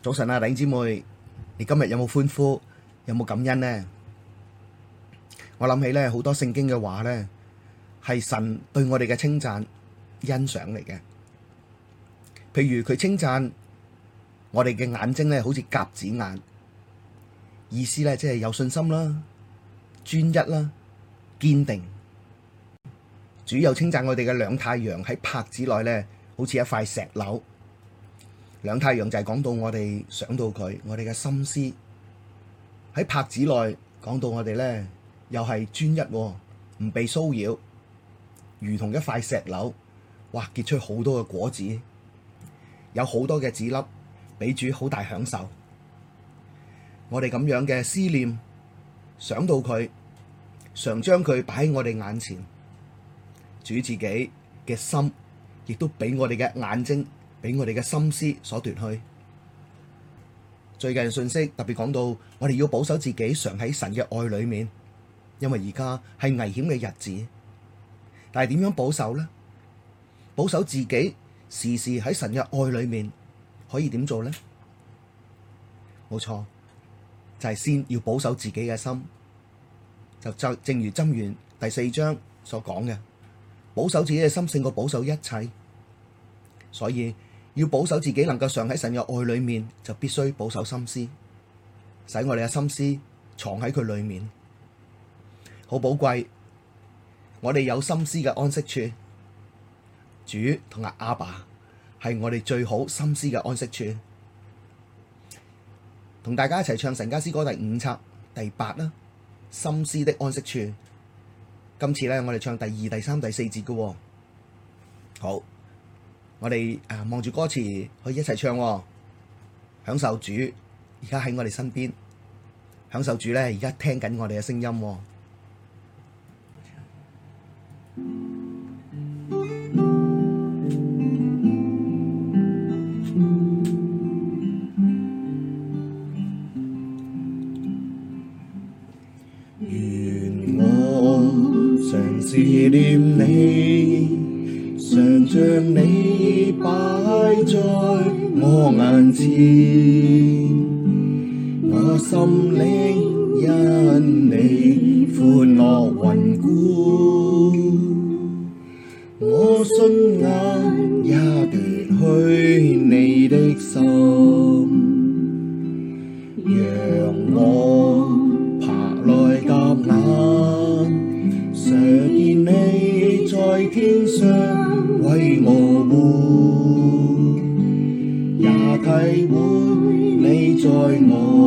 早晨啊，弟兄姊妹，你今日有冇歡呼？有冇感恩呢？我諗起咧，好多聖經嘅話咧，係神對我哋嘅稱讚、欣賞嚟嘅。譬如佢稱讚我哋嘅眼睛咧，好似鴿子眼，意思咧即係有信心啦、專一啦、堅定。主又稱讚我哋嘅兩太陽喺帕子內咧，好似一塊石榴。兩太陽就係講到我哋想到佢，我哋嘅心思喺拍子內，講到我哋咧，又係專一、啊，唔被騷擾，如同一塊石榴，哇，結出好多嘅果子，有好多嘅子粒，俾主好大享受。我哋咁樣嘅思念，想到佢，常將佢擺喺我哋眼前，主自己嘅心，亦都俾我哋嘅眼睛，俾我哋嘅心思所奪去。最近嘅信息特別講到，我哋要保守自己，常喺神嘅愛裡面，因為而家係危險嘅日子。但係點樣保守呢？保守自己，時時喺神嘅愛裡面，可以點做呢？冇錯，就係、是、先要保守自己嘅心，就正正如箴言第四章所講嘅，保守自己嘅心勝過保守一切。所以。要保守自己，能夠常喺神嘅愛裏面，就必須保守心思，使我哋嘅心思藏喺佢裏面，好寶貴。我哋有心思嘅安息處，主同阿阿爸係我哋最好心思嘅安息處。同大家一齊唱神家詩歌第五冊第八啦，心思的安息處。今次咧，我哋唱第二、第三、第四節嘅、哦。好。我哋啊望住歌詞，可以一齊唱，哦，享受主而家喺我哋身邊，享受主咧而家聽緊我哋嘅聲音。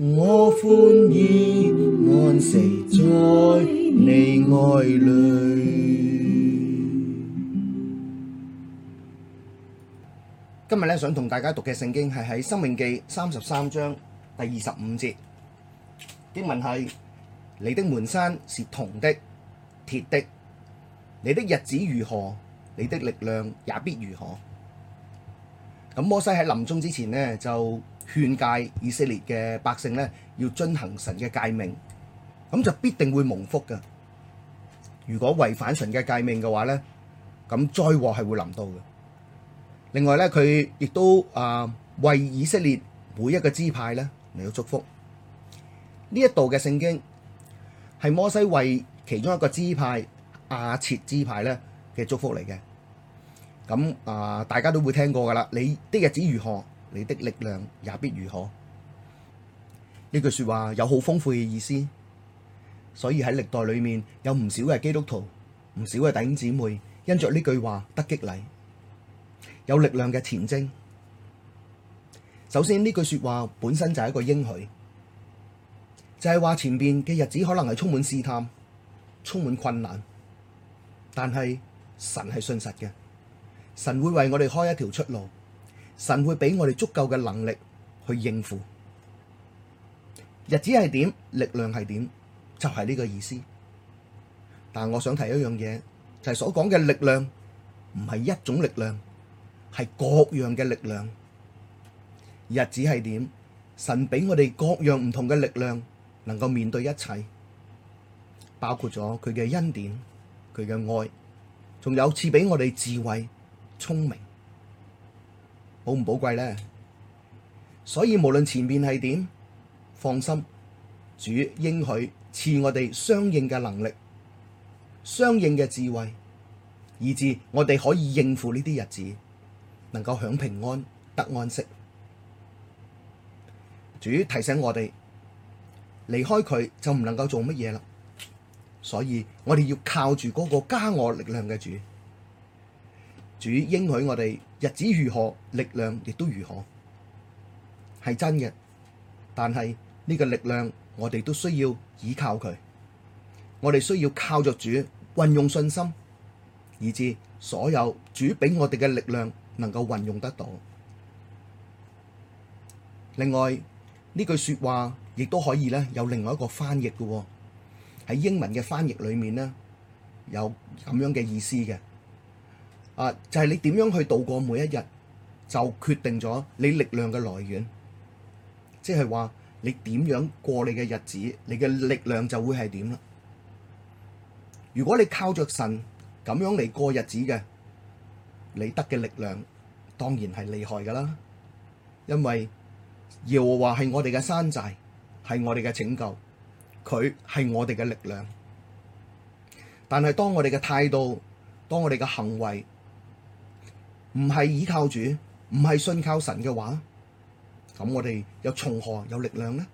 我歡然安息在你愛裡。今日呢，想同大家讀嘅聖經係喺《申命記》三十三章第二十五節。經文係：你的門閂是銅的、鐵的，你的日子如何，你的力量也必如何。咁摩西喺臨終之前呢就。勸戒以色列嘅百姓呢，要遵行神嘅誡命，咁就必定會蒙福嘅。如果違反神嘅誡命嘅話呢，咁災禍係會臨到嘅。另外呢，佢亦都啊、呃、為以色列每一個支派呢嚟到祝福。呢一度嘅聖經係摩西為其中一個支派亞設支派呢嘅祝福嚟嘅。咁啊、呃，大家都會聽過噶啦，你的日子如何？你的力量也必如何。呢句說話有好豐富嘅意思，所以喺歷代裏面有唔少嘅基督徒，唔少嘅弟兄姊妹因着呢句話得激勵，有力量嘅前征。首先呢句說話本身就係一個應許，就係話前面嘅日子可能係充滿試探、充滿困難，但係神係信實嘅，神會為我哋開一條出路。神會俾我哋足夠嘅能力去應付，日子係點，力量係點，就係呢個意思。但係我想提一樣嘢，就係所講嘅力量唔係一種力量，係各樣嘅力量。日子係點，神俾我哋各樣唔同嘅力量，能夠面對一切，包括咗佢嘅恩典、佢嘅愛，仲有賜俾我哋智慧、聰明。好唔寶貴呢？所以無論前面係點，放心，主應許賜我哋相應嘅能力、相應嘅智慧，以致我哋可以應付呢啲日子，能夠享平安、得安息。主提醒我哋離開佢就唔能夠做乜嘢啦，所以我哋要靠住嗰個加我力量嘅主，主應許我哋，日子如何，力量亦都如何，係真嘅。但係呢個力量，我哋都需要倚靠佢，我哋需要靠著主，運用信心，以致所有主俾我哋嘅力量能夠運用得到。另外呢句說話亦都可以咧有另外一個翻譯嘅喎，喺英文嘅翻譯裏面呢有咁樣嘅意思嘅。啊！就係你點樣去度過每一日，就決定咗你力量嘅來源。即係話你點樣過你嘅日子，你嘅力量就會係點啦。如果你靠著神咁樣嚟過日子嘅，你得嘅力量當然係厲害噶啦。因為耶和華係我哋嘅山寨，係我哋嘅拯救，佢係我哋嘅力量。但係當我哋嘅態度，當我哋嘅行為，唔係倚靠主，唔係信靠神嘅話，咁我哋又從何有力量呢？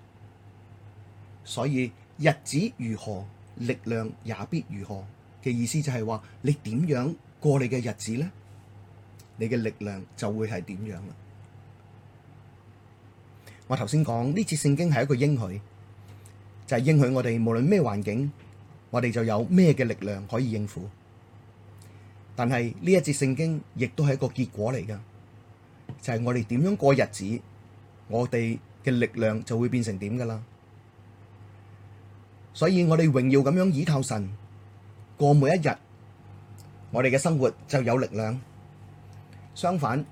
所以日子如何，力量也必如何嘅意思就係話，你點樣過你嘅日子呢？你嘅力量就會係點樣啦。我頭先講呢次聖經係一個應許，就係、是、應許我哋無論咩環境，我哋就有咩嘅力量可以應付。但係呢一節聖經亦都係一個結果嚟噶，就係、是、我哋點樣過日子，我哋嘅力量就會變成點噶啦。所以我哋榮耀咁樣倚靠神過每一日，我哋嘅生活就有力量。相反，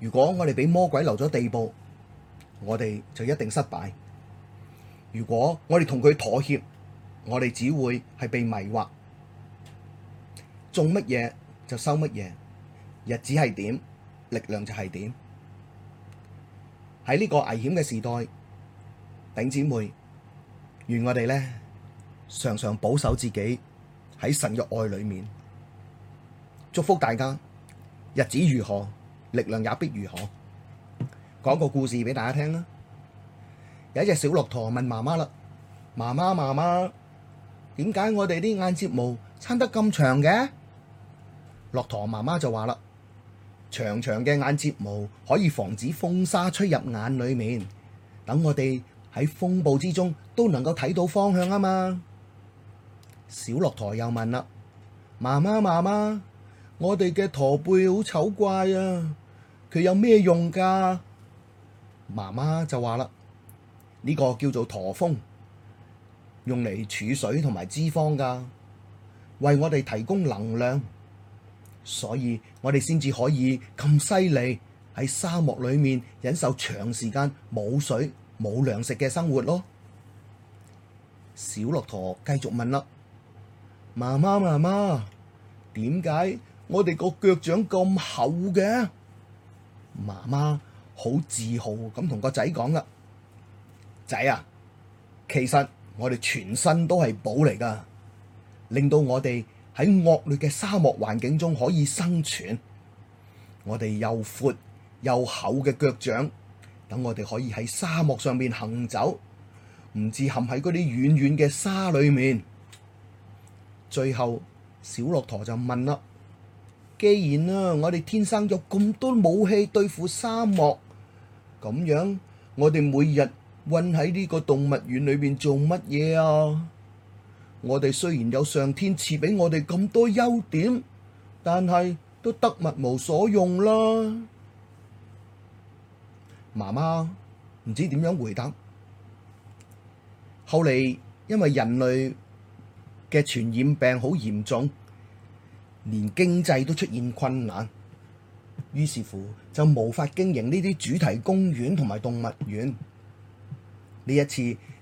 如果我哋俾魔鬼留咗地步，我哋就一定失敗。如果我哋同佢妥協，我哋只會係被迷惑，做乜嘢？就收乜嘢？日子係點，力量就係點。喺呢個危險嘅時代，弟兄姊妹，願我哋呢，常常保守自己喺神嘅愛裏面。祝福大家，日子如何，力量也必如何。講個故事俾大家聽啦。有一隻小駱駝問媽媽啦：媽媽，媽媽，點解我哋啲眼睫毛生得咁長嘅？駱駝媽媽就話啦：長長嘅眼睫毛可以防止風沙吹入眼裏面，等我哋喺風暴之中都能夠睇到方向啊嘛。小駱駝又問啦：媽媽媽媽，我哋嘅駝背好醜怪啊，佢有咩用噶？媽媽就話啦：呢個叫做駝峰，用嚟儲水同埋脂肪噶，為我哋提供能量。所以我哋先至可以咁犀利，喺沙漠裏面忍受長時間冇水冇糧食嘅生活咯。小駱駝繼續問啦：媽媽媽媽，點解我哋個腳掌咁厚嘅？媽媽好自豪咁同個仔講啦：仔啊，其實我哋全身都係寶嚟㗎，令到我哋喺惡劣嘅沙漠環境中可以生存，我哋又闊又厚嘅腳掌，等我哋可以喺沙漠上面行走，唔知陷喺嗰啲軟軟嘅沙裏面。最後，小駱駝就問啦：既然啊，我哋天生有咁多武器對付沙漠，咁樣我哋每日混喺呢個動物園裏面做乜嘢啊？我哋雖然有上天賜俾我哋咁多優點，但係都得物無所用啦。媽媽唔知點樣回答。後嚟因為人類嘅傳染病好嚴重，連經濟都出現困難，於是乎就無法經營呢啲主題公園同埋動物園。呢一次，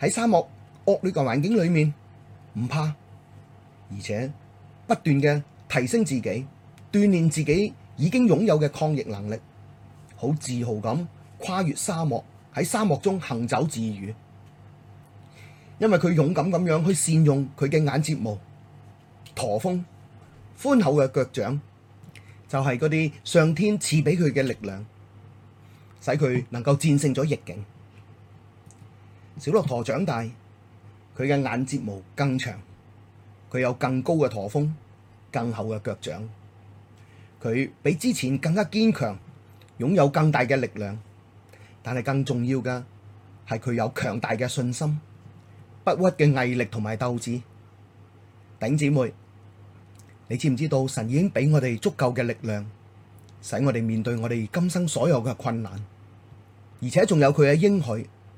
喺沙漠惡劣嘅環境裏面，唔怕，而且不斷嘅提升自己，鍛鍊自己已經擁有嘅抗逆能力，好自豪咁跨越沙漠，喺沙漠中行走自如。因為佢勇敢咁樣去善用佢嘅眼睫毛、駝峯、寬厚嘅腳掌，就係嗰啲上天賜俾佢嘅力量，使佢能夠戰勝咗逆境。小駱駝長大，佢嘅眼睫毛更長，佢有更高嘅駝峯，更厚嘅腳掌，佢比之前更加堅強，擁有更大嘅力量。但係更重要嘅係佢有強大嘅信心、不屈嘅毅力同埋鬥志。頂姐妹，你知唔知道神已經俾我哋足夠嘅力量，使我哋面對我哋今生所有嘅困難，而且仲有佢嘅應許。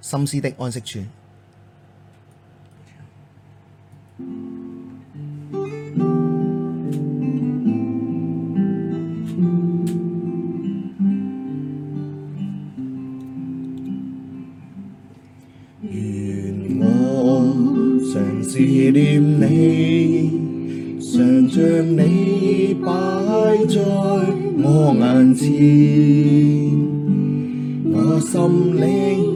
心思的安息處，願 我常思念你，常將你擺在我眼前，我心靈。